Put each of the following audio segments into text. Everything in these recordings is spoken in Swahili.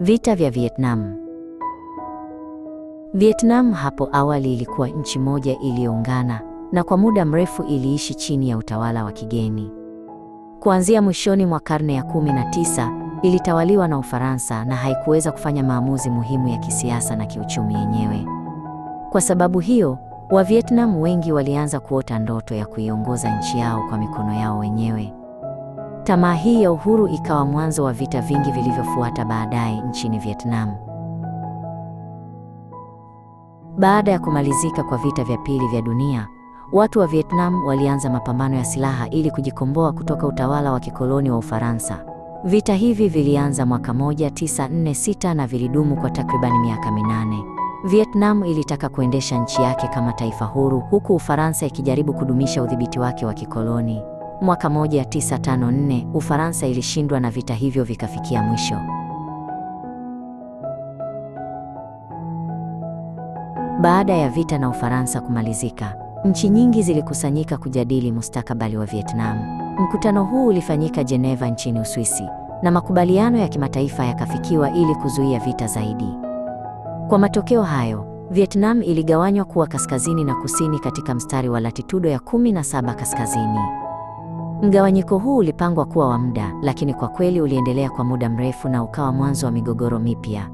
Vita vya Vietnam. Vietnam hapo awali ilikuwa nchi moja iliyoungana na kwa muda mrefu iliishi chini ya utawala wa kigeni. Kuanzia mwishoni mwa karne ya 19 ilitawaliwa na Ufaransa na haikuweza kufanya maamuzi muhimu ya kisiasa na kiuchumi yenyewe. Kwa sababu hiyo, Vietnam wengi walianza kuota ndoto ya kuiongoza nchi yao kwa mikono yao wenyewe. Tamaa hii ya uhuru ikawa mwanzo wa vita vingi vilivyofuata baadaye nchini Vietnam. Baada ya kumalizika kwa vita vya pili vya dunia, watu wa Vietnam walianza mapambano ya silaha ili kujikomboa kutoka utawala wa kikoloni wa Ufaransa. Vita hivi vilianza mwaka 1946 na vilidumu kwa takribani miaka minane. Vietnam ilitaka kuendesha nchi yake kama taifa huru, huku Ufaransa ikijaribu kudumisha udhibiti wake wa kikoloni. Mwaka 1954 Ufaransa ilishindwa na vita hivyo vikafikia mwisho. Baada ya vita na Ufaransa kumalizika, nchi nyingi zilikusanyika kujadili mustakabali wa Vietnam. Mkutano huu ulifanyika Geneva nchini Uswisi na makubaliano ya kimataifa yakafikiwa ili kuzuia vita zaidi. Kwa matokeo hayo, Vietnam iligawanywa kuwa kaskazini na kusini katika mstari wa latitudo ya 17 kaskazini. Mgawanyiko huu ulipangwa kuwa wa muda, lakini kwa kweli uliendelea kwa muda mrefu na ukawa mwanzo wa migogoro mipya.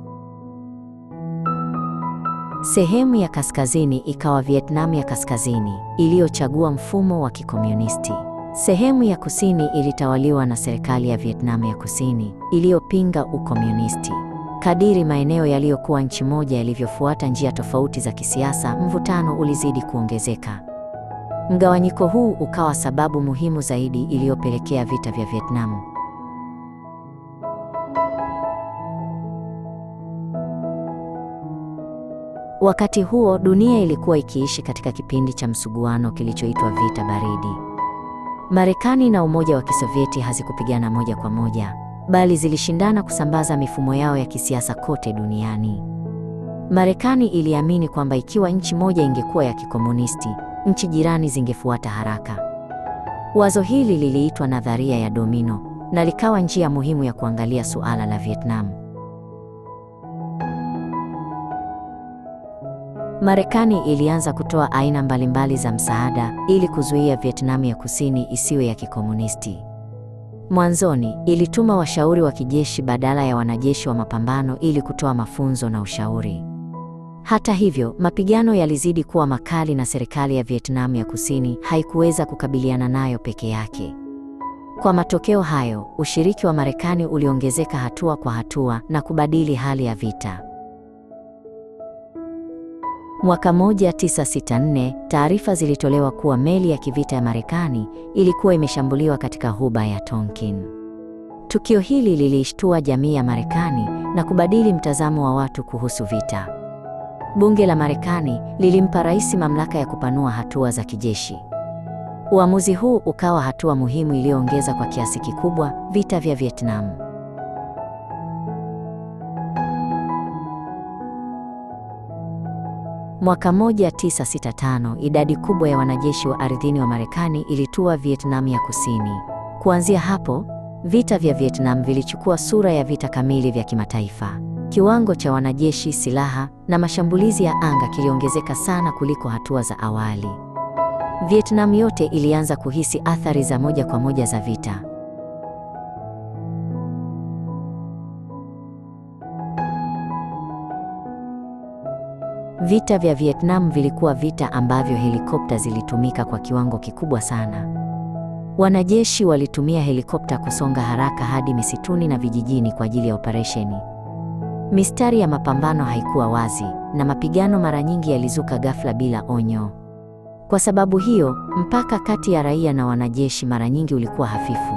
Sehemu ya kaskazini ikawa Vietnam ya kaskazini iliyochagua mfumo wa kikomunisti. Sehemu ya kusini ilitawaliwa na serikali ya Vietnam ya kusini iliyopinga ukomunisti. Kadiri maeneo yaliyokuwa nchi moja yalivyofuata njia tofauti za kisiasa, mvutano ulizidi kuongezeka. Mgawanyiko huu ukawa sababu muhimu zaidi iliyopelekea vita vya Vietnam. Wakati huo dunia ilikuwa ikiishi katika kipindi cha msuguano kilichoitwa vita baridi. Marekani na Umoja wa Kisovyeti hazikupigana moja kwa moja, bali zilishindana kusambaza mifumo yao ya kisiasa kote duniani. Marekani iliamini kwamba ikiwa nchi moja ingekuwa ya kikomunisti nchi jirani zingefuata haraka. Wazo hili liliitwa nadharia ya domino na likawa njia muhimu ya kuangalia suala la Vietnam. Marekani ilianza kutoa aina mbalimbali za msaada ili kuzuia Vietnam ya Kusini isiwe ya kikomunisti. Mwanzoni ilituma washauri wa kijeshi badala ya wanajeshi wa mapambano ili kutoa mafunzo na ushauri. Hata hivyo, mapigano yalizidi kuwa makali na serikali ya Vietnam ya Kusini haikuweza kukabiliana nayo peke yake. Kwa matokeo hayo, ushiriki wa Marekani uliongezeka hatua kwa hatua na kubadili hali ya vita. Mwaka 1964, taarifa zilitolewa kuwa meli ya kivita ya Marekani ilikuwa imeshambuliwa katika huba ya Tonkin. Tukio hili lilishtua jamii ya Marekani na kubadili mtazamo wa watu kuhusu vita bunge la Marekani lilimpa rais mamlaka ya kupanua hatua za kijeshi. Uamuzi huu ukawa hatua muhimu iliyoongeza kwa kiasi kikubwa vita vya Vietnam. Mwaka 1965, idadi kubwa ya wanajeshi wa ardhini wa Marekani ilitua Vietnam ya Kusini. Kuanzia hapo, vita vya Vietnam vilichukua sura ya vita kamili vya kimataifa kiwango cha wanajeshi, silaha na mashambulizi ya anga kiliongezeka sana kuliko hatua za awali. Vietnam yote ilianza kuhisi athari za moja kwa moja za vita. Vita vya Vietnam vilikuwa vita ambavyo helikopta zilitumika kwa kiwango kikubwa sana. Wanajeshi walitumia helikopta kusonga haraka hadi misituni na vijijini kwa ajili ya operesheni. Mistari ya mapambano haikuwa wazi na mapigano mara nyingi yalizuka ghafla bila onyo. Kwa sababu hiyo, mpaka kati ya raia na wanajeshi mara nyingi ulikuwa hafifu.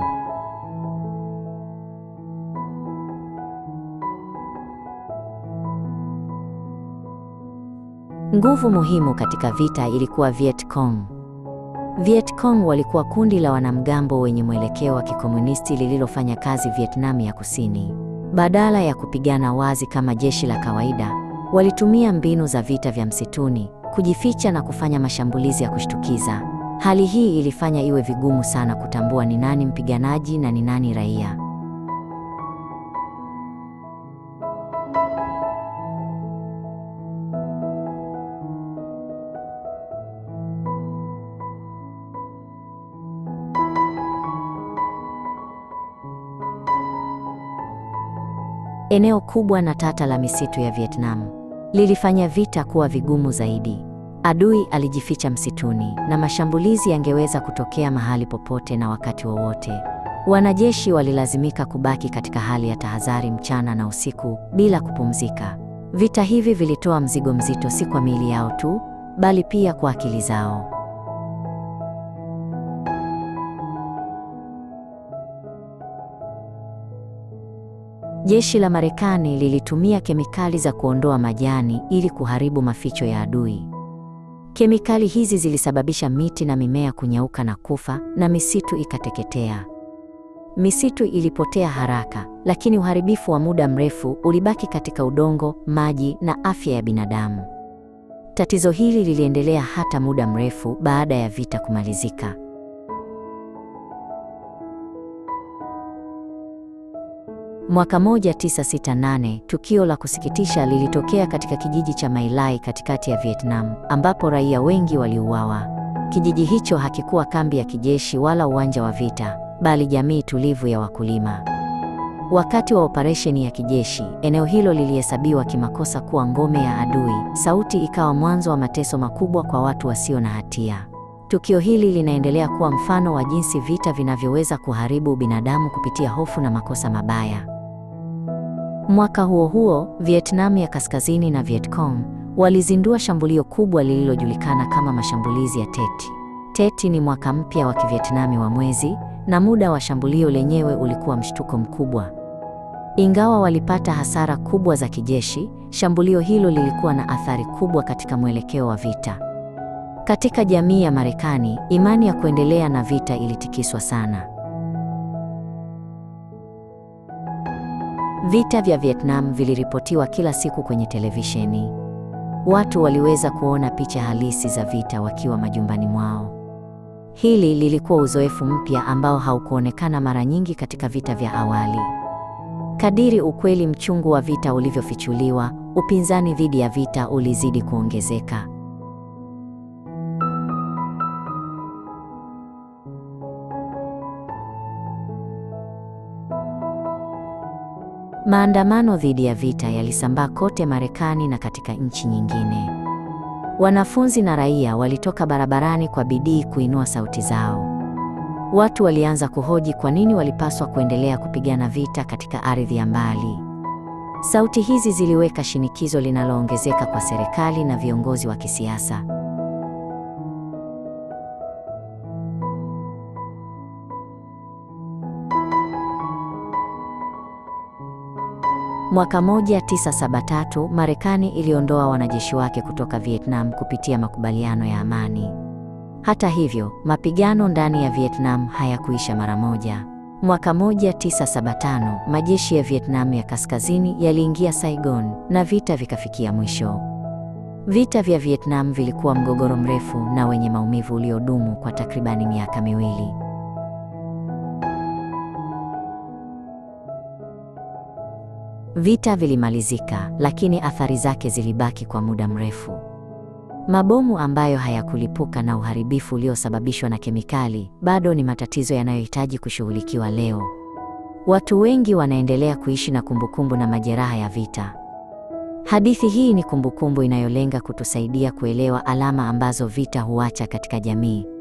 Nguvu muhimu katika vita ilikuwa Viet Cong. Viet Cong walikuwa kundi la wanamgambo wenye mwelekeo wa kikomunisti lililofanya kazi Vietnam ya Kusini. Badala ya kupigana wazi kama jeshi la kawaida, walitumia mbinu za vita vya msituni, kujificha na kufanya mashambulizi ya kushtukiza. Hali hii ilifanya iwe vigumu sana kutambua ni nani mpiganaji na ni nani raia. Eneo kubwa na tata la misitu ya Vietnam lilifanya vita kuwa vigumu zaidi. Adui alijificha msituni na mashambulizi yangeweza kutokea mahali popote na wakati wowote. Wanajeshi walilazimika kubaki katika hali ya tahadhari mchana na usiku bila kupumzika. Vita hivi vilitoa mzigo mzito si kwa miili yao tu, bali pia kwa akili zao. Jeshi la Marekani lilitumia kemikali za kuondoa majani ili kuharibu maficho ya adui. Kemikali hizi zilisababisha miti na mimea kunyauka na kufa na misitu ikateketea. Misitu ilipotea haraka, lakini uharibifu wa muda mrefu ulibaki katika udongo, maji na afya ya binadamu. Tatizo hili liliendelea hata muda mrefu baada ya vita kumalizika. Mwaka 1968 tukio la kusikitisha lilitokea katika kijiji cha Mailai katikati ya Vietnam, ambapo raia wengi waliuawa. Kijiji hicho hakikuwa kambi ya kijeshi wala uwanja wa vita, bali jamii tulivu ya wakulima. Wakati wa operesheni ya kijeshi, eneo hilo lilihesabiwa kimakosa kuwa ngome ya adui. Sauti ikawa mwanzo wa mateso makubwa kwa watu wasio na hatia. Tukio hili linaendelea kuwa mfano wa jinsi vita vinavyoweza kuharibu binadamu kupitia hofu na makosa mabaya. Mwaka huo huo, Vietnam ya Kaskazini na Vietcong walizindua shambulio kubwa lililojulikana kama mashambulizi ya Teti. Teti ni mwaka mpya wa Kivietnami wa mwezi, na muda wa shambulio lenyewe ulikuwa mshtuko mkubwa. Ingawa walipata hasara kubwa za kijeshi, shambulio hilo lilikuwa na athari kubwa katika mwelekeo wa vita. Katika jamii ya Marekani, imani ya kuendelea na vita ilitikiswa sana. Vita vya Vietnam viliripotiwa kila siku kwenye televisheni. Watu waliweza kuona picha halisi za vita wakiwa majumbani mwao. Hili lilikuwa uzoefu mpya ambao haukuonekana mara nyingi katika vita vya awali. Kadiri ukweli mchungu wa vita ulivyofichuliwa, upinzani dhidi ya vita ulizidi kuongezeka. Maandamano dhidi ya vita yalisambaa kote Marekani na katika nchi nyingine. Wanafunzi na raia walitoka barabarani kwa bidii kuinua sauti zao. Watu walianza kuhoji kwa nini walipaswa kuendelea kupigana vita katika ardhi ya mbali. Sauti hizi ziliweka shinikizo linaloongezeka kwa serikali na viongozi wa kisiasa. Mwaka 1973 Marekani iliondoa wanajeshi wake kutoka Vietnam kupitia makubaliano ya amani. Hata hivyo, mapigano ndani ya Vietnam hayakuisha mara moja. Mwaka 1975 majeshi ya Vietnam ya Kaskazini yaliingia Saigon na vita vikafikia mwisho. Vita vya Vietnam vilikuwa mgogoro mrefu na wenye maumivu uliodumu kwa takribani miaka miwili. Vita vilimalizika, lakini athari zake zilibaki kwa muda mrefu. Mabomu ambayo hayakulipuka na uharibifu uliosababishwa na kemikali bado ni matatizo yanayohitaji kushughulikiwa leo. Watu wengi wanaendelea kuishi na kumbukumbu na majeraha ya vita. Hadithi hii ni kumbukumbu inayolenga kutusaidia kuelewa alama ambazo vita huacha katika jamii.